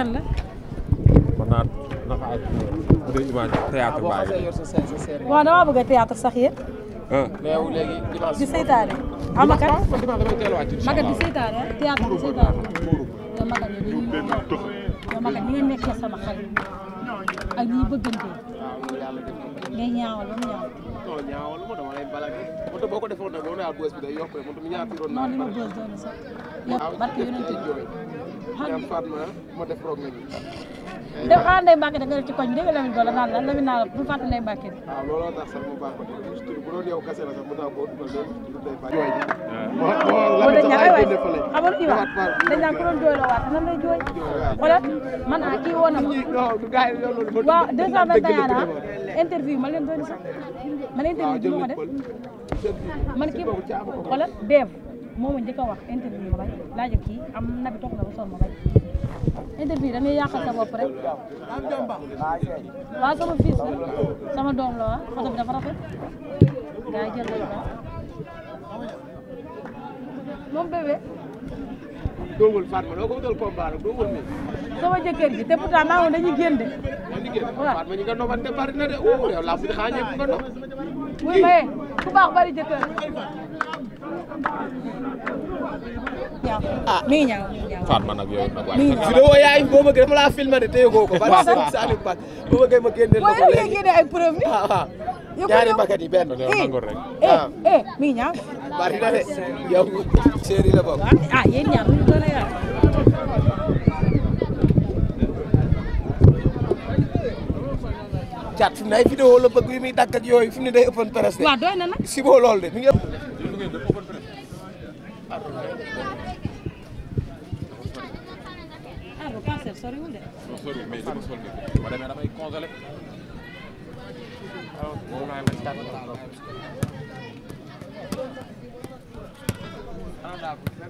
kan la. mën naa naka ak bu dee image théâtre baa ngi. waaw damaa bëgg a théâtre sax yéen. mais yow léegi dimanche. di seytaane ah ma kat ma kat di seytaane ah théâtre di seytaane. yow ma kat ñu ngi nekkee sama xarit ak ñi bëggante ngay ñaawal ba mu ñaawal. non ñaawal ma dama lay balage moto boo ko defoon nag moom daal bës bi day yokk rek moto mi ñaar fi doon naa. non li ma bës doon sax yow barke yonente dem Fatma ma def roog nag. def xaaral Ndeye Mbacke nga def ci koñ dégg Lamine Gola naan la Lamine naa la bu fàtte Ndeye Mbacke. waaw ah, looloo tax sax mu baax ko bu doon yow kese la sax mu tax ko dugal doon tudd Ndeye Mbacke. jooy ji waaw waaw Lamine sax ay jënd fële. xamal kii waaw dañ naan ku doon jooy la waat nan lay jooy. xoolal man ah kii woo na ma. waaw 221 ah interview ma leen doon sax man interview bi ma ko def man kii xoolal Dève. moom njëkk a wax interview ma bañ am nabi na ba sol ma bañ interview damay yàqal sa bopp rek waaw sama fils la sama doom la waa photo bi dafa rafet gars yi jël nañ ko moom bébé doogul Fatma loo ko wutal combat rek doogul mi ji te pourtant maa ngi dañuy génn de o yow ku baax bari jëkkër ah mi ngi ñëw Fatma nag yow nag waaye vidéo yaay boo bëggee dama laa filmé de téye koo ko ba Saliou Mbacké boo bëggee ma génneel la ko léegi génne ay preuve ni ah, ah. ñaari mbakat yi benn yow eh, nangor rek eh, ah eh mi ngi ñëw bari na de yow séeri la bokk ah, ah yéen ñaar ñu doon yaa caat fi mu ne ay vidéo la bëgg yu muy dàkk ak yooyu fi mu ne day ëppoon presse de waaw doy na nag si boo loolu de mi ngi cancer soriwul de. non soriwul mais dama sol nii ma demee damay congelé. alors.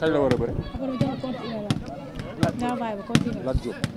kañ la war a bëre. lat Diop